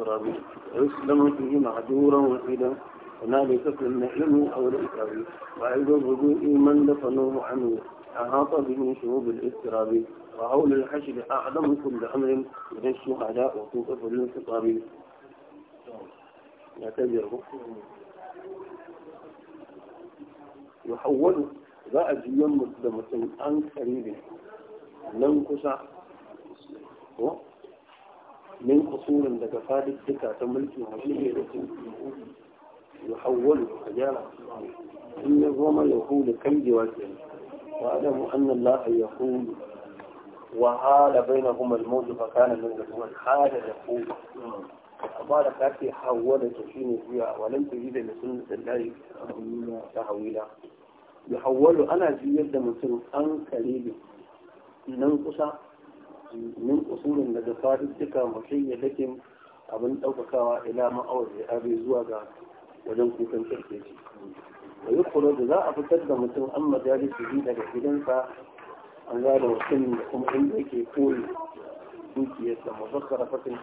الترابي ويسلم فيه معذورا وحيدا هنالك في النعيم او الاسرابي وعيد الرجوع من دفنه عنه احاط به شهوب الاضطراب وعول الحشد اعظم كل امر من الشهداء وتوقف للخطاب يعتبره يحول بعد يوم مقدمة عن قريب لم kare من أصول فادي تكا تملك وحيه يحول حجارة إن الرمى يقول كم جواته وأعلم أن الله يقول وحال بينهما الموت فكان من الأول حال يقول أبارك أتي حولت حين فيها ولم تجد لسنة الله تحويلا يحول أنا زيادة أنك أنكريب ننقص min usulin daga fadistika muhayyadatin abin ɗaukakawa ila ma'awar abi zuwa ga wajen kukan kirkeci da yi kula da za a fitar da mutum an majalis su daga gidansa an gada mutum da kuma inda yake koyi dukiyarsa muzakkara fatin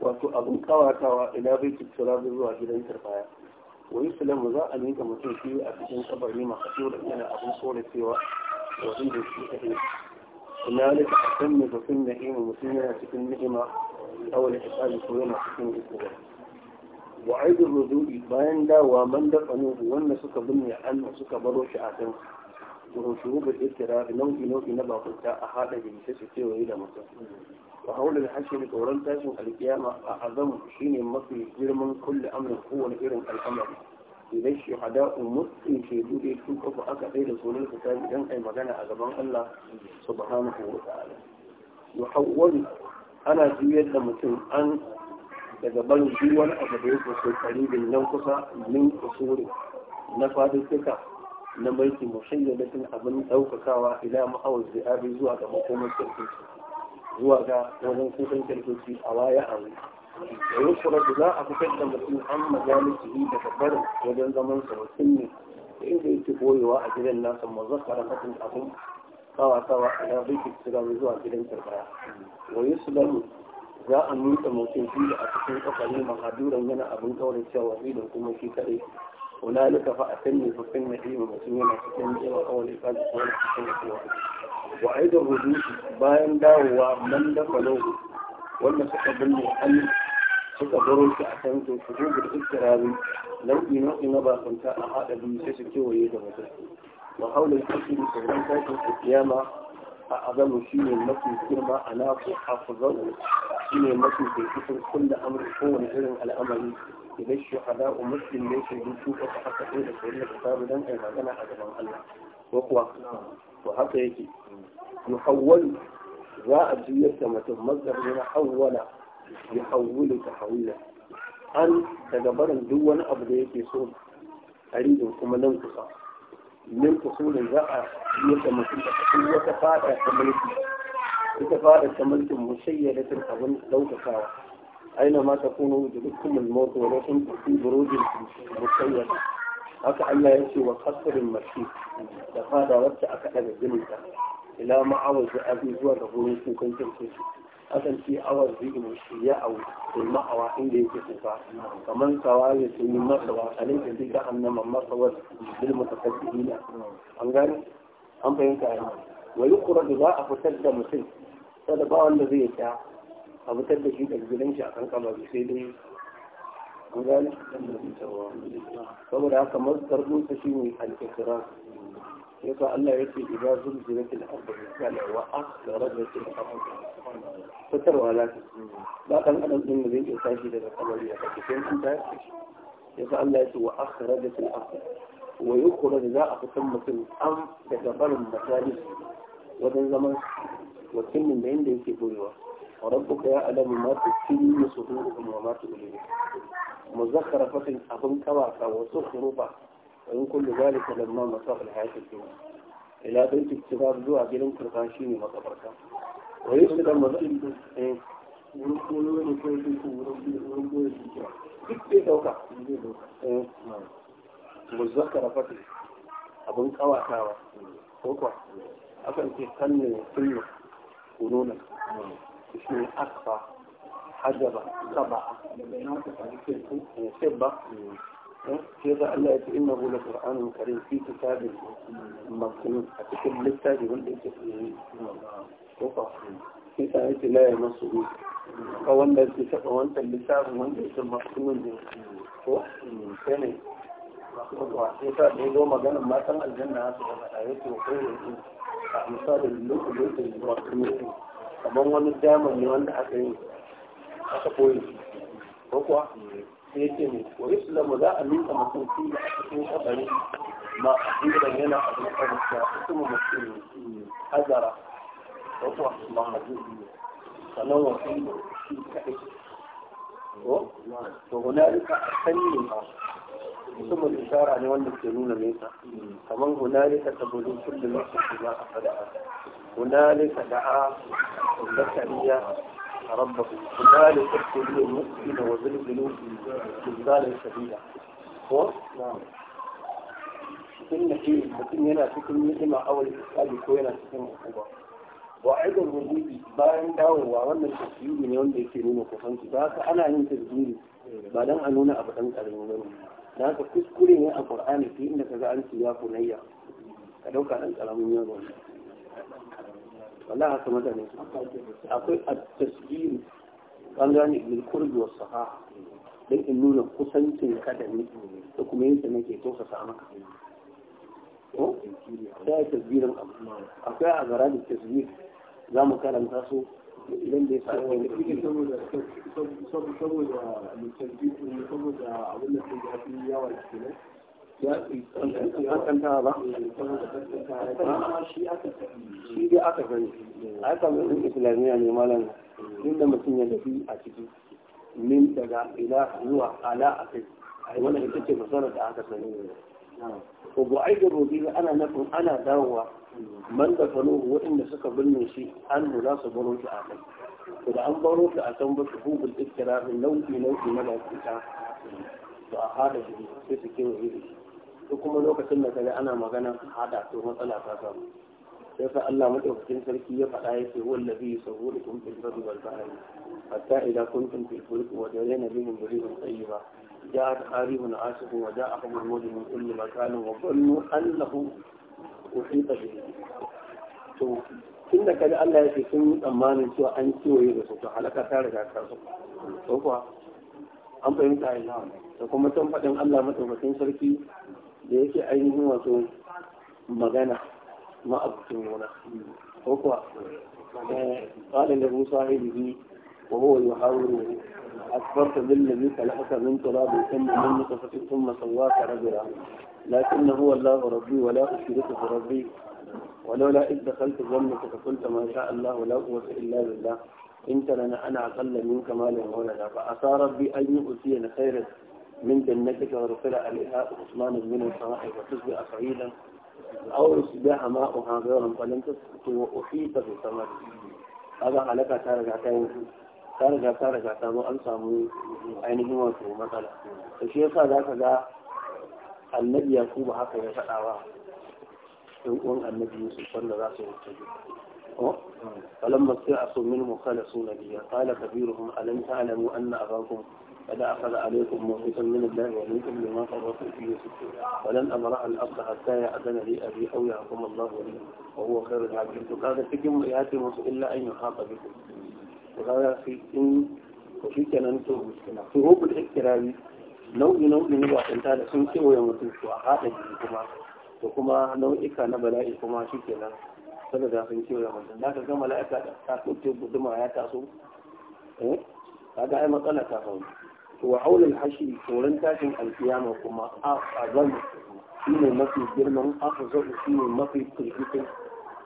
wato abin kawatawa ila bai tuttura zuwa gidan turbaya wani sulamu za a mika mutum shi a cikin kabari masu yana abin koracewa da wajen da shi هنالك أتم بكل نعيم ومسلمة في كل نعمة أو الإحسان كلنا في كل إسلام وعيد الرجوع بين دا ومن دا أنه وأن سكا بني عن سكا برو شعاتن وهو شهوب الإكتراء نوعي نوعي نبا قلتا أحادا جميسة ستة إلى مصر وحول الحشر قوران تاسم القيامة أعظم شيني مصر جرم كل أمر هو نئر الأمر idan shahada umutsin shaidu da su kafa aka ɗaya da sunan su sami dan ai magana a gaban Allah subhanahu wa ta'ala yuhawwalu ana juyar da mutum an daga barin duk wani abu da yake so karibin nan kusa min usuri na fadistika na mulki mushayyadatin abin daukakawa ila ma'awar zi'abi zuwa ga makomar kirkirki zuwa ga wajen kusan kirkirki a waya a wuri da yusra za a fitar da mutum an da daga barin wajen zaman sa mutum ne da inda yake boyewa a gidan nasa mazakara fatin abun sawa sawa a na bai kira zuwa gidan tarbaya wa yusra za a nutsa mutum shi a cikin kokari mahaduran yana abin kawai cewa da kuma shi kadai هنالك فأتني فكن نعيم مسلمين فكن وعيد الرجوع باين dafa من wanda suka binne hannu. suka barunta a kan to su da istirabi nau'i nau'i na bakunta a haɗa biyu sai su kewaye da mutum wa haula yake da sauran tashin kiyama a azamu shi ne mafi girma a naku a kuzaru shi ne mafi kirkitin kulla amur kowane irin al'amari idan shi hada a muslim ne shi dutu ko ta haka da sauran da sabu don ai magana a gaban Allah ko kuwa to haka yake yuhawwalu za a juyar da mutum mazdar ne na hawwala يحول تحولا أن تجبر دون أبدية يسول أريد أنكم ننقص من قصول الزاعة يتمثل تحول وتفاعل التملك وتفاعل التملك مسيئة تنقضن لو تفاعل أينما تكونوا جدكم الموت ولكن في بروج مسيئة أكا أن يسي وقصر المشيط تفاعل وقت أكا أجل إلى معاوز أبي زوار كنتم كنت kasance awar zikin shi ya au sai ma'awa inda yake tsufa kamar kawa ya sun yi masa wa alai da zika an nama masa wa bil mutakabbirina an gani an fahimta ai wa da za a fitar da mutum sada ba wanda zai ta a fitar da shi daga gidan shi a kan kabari sai dai an gani saboda haka mazdar dutse shi ne al yasa Allah yake idza zulzilatil ardu zilzala wa akhrajatil ardu fitarwa lafi ba dan adam din da zai tashi daga kabari da kake sai kun tashi yasa Allah ce wa akhrajatil ardu wa yukhraj za a fitan mutum am daga barin masalis wajen zaman wakilin da inda yake boyewa وربك يعلم ما Mu صدورهم وما تؤلمهم مزخرفة أبن كواكا وزخرفة وإن كل ذلك لما مصاب الحياة الدنيا إلى بنت اكتباب دوء أجلن كرقاشين مطبركا ويسد المضيب ويقولون كيفكم ربي ربي ربي ربي دوكا إيه؟ مزكرة فتح أبن كوا كوا كوا أفن في قنة كله قنونة اسمه أكفى حجبة سبعة إيه؟ سبعة sai ga Allah ya ce inna hu laqur'anun karim fi kitabin maknun a cikin littafi wanda yake tsaye ko fa sai ta yace la ya masu ka wanda yake taba wancan littafin wanda yake maknun ne ko sai ne sai ta da zo magana matan aljanna su ga ayatu ko ne a misalin lokacin da maknun kamar wani damar ne wanda aka yi aka koyi ko kuwa sai yake ne wa islamu za a nuna mutum shi a cikin kabari ma a cikin yana a cikin kabari ta kuma mutum hazara ko kuwa ma hajji sannan wa shi shi kaɗai ko to hunalika a sanyi ma musamman ishara ne wanda ke nuna nesa kamar hunalika ta budu kullum su ma a fada'a hunalika da'a kariya. ربكم da ابتلوا المؤمن وزلزلوا زلزالا شديدا ko cikin na ke mutum yana cikin ni'ima awal iskali ko yana cikin hukuma wa aidan rububi bayan dawowa wannan tasiri ne wanda yake nuna kusanci da haka ana yin tasiri ba dan a nuna abu dan karami ba ne da haka kuskure ne a qur'ani sai inda kaga an ce ya kunayya ka dauka dan karamin yaro ne wala haka mutane akwai at-tasbiru an gane bil qurbi was sahaha in nuna kusancin ka da ni da kuma yin sa nake tausasa maka ko sai tasbirin abu akwai a gara da tasbir za mu karanta su idan da ya faru wani kuɗi saboda saboda saboda abin da ya gafi yawa kenan kankanta ba shi shi dai aka sani a yi kamar islamiyya ne malam inda mutum ya tafi a ciki min daga ila zuwa ala a kai a yi wannan ita ce masarar da aka sani ko bu ai da robi ana nufin ana dawowa man da kano waɗanda suka binne shi an lura su baro shi a kai to da an baro shi a can ba su hubul iskira nau'i nau'i na lafiya to a hada shi sai su kewaye da shi ko kuma lokacin da kaga ana magana hada to matsala ta samu sai sa Allah madaukakin sarki ya faɗa yake wallazi yusawwirukum fil barri wal bahri hatta idza kuntum fil fulki wa jarayna bihim rihun tayyiba ja'at qaribun asifun wa ja'a qabrun mujrim min kulli makanin wa dhannu annahu uhita bihi to tunda kaga Allah yake sun tsammanin cewa an kiwaye da su to halaka ta riga ta su ko kuwa an fahimta ina da kuma can faɗin Allah madaukakin sarki da yake ainihin wato magana ma'abucin wuna ko kuwa قال له صاحبه وهو يحاوره أكبرت بالذي خلقك من تراب ثم من نطفة ثم سواك رجلا لكن هو الله ربي ولا أشرك بربي ولولا إذ دخلت جنتك فقلت ما شاء الله لا قوة إلا بالله إن ترنا أنا أقل منك مالا ولدا فعسى ربي أن يؤتيني خيرا من جنتك ورسل عليها عثمان من الصواحب فتصبح صعيدا أو يصبح ماؤها غيرا فلن تسقط وأحيط بثمر هذا علاقة تارجع تاني تارجع تارجع تاني أن سامو ainihin مثلا الشيخ هذا كذا النبي za ka يتعوى annabi النبي يوسف صلى الله عليه وسلم فلما استيأسوا منه خلصوا نبيا قال كبيرهم ألم تعلموا أن أباكم قد أخذ عليكم موثقا من الله ومنكم لما فرطوا في يوسف ولن أمرح الأرض حتى يأذن لي أبي أو يحكم الله لي وهو خير العبيد الحاكمين في جمع يأتي إلا أن يحاط بكم وقال في إن وفي كننته مشكلة في هوب الإكترابي نوع نوع من الوحيدة سنكي ويمتل شواحات جيكما وكما نوعك وكما نوع شكلا saboda كما شكنا wa mutum za ka ga mala'ika ta kuce guduma ya taso eh kaga ai matsala ta faru wa aulal hashi tsoron tashin alkiyama kuma a azam shi mafi girman a azam shi mafi firgitin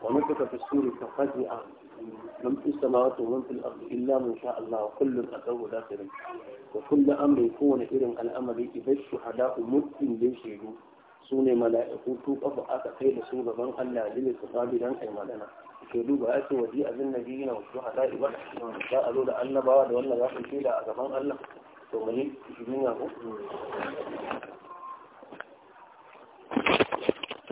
wa mafi ka fasuri ta a lam isama wato man fil ardi illa man sha Allah wa kullun aqawu dakhirin wa kullu amrin kowane irin al'amari idan shuhada'u mutin bin shaidu su ne mala'iku tu kafa aka kai da su gaban Allah ne ne dan kai magana ke duba ya ce wa ji abin nabi yana wasu hada'i ba da shi ne za a zo da annabawa da wannan za su shaida a Allah to mu yi à vous.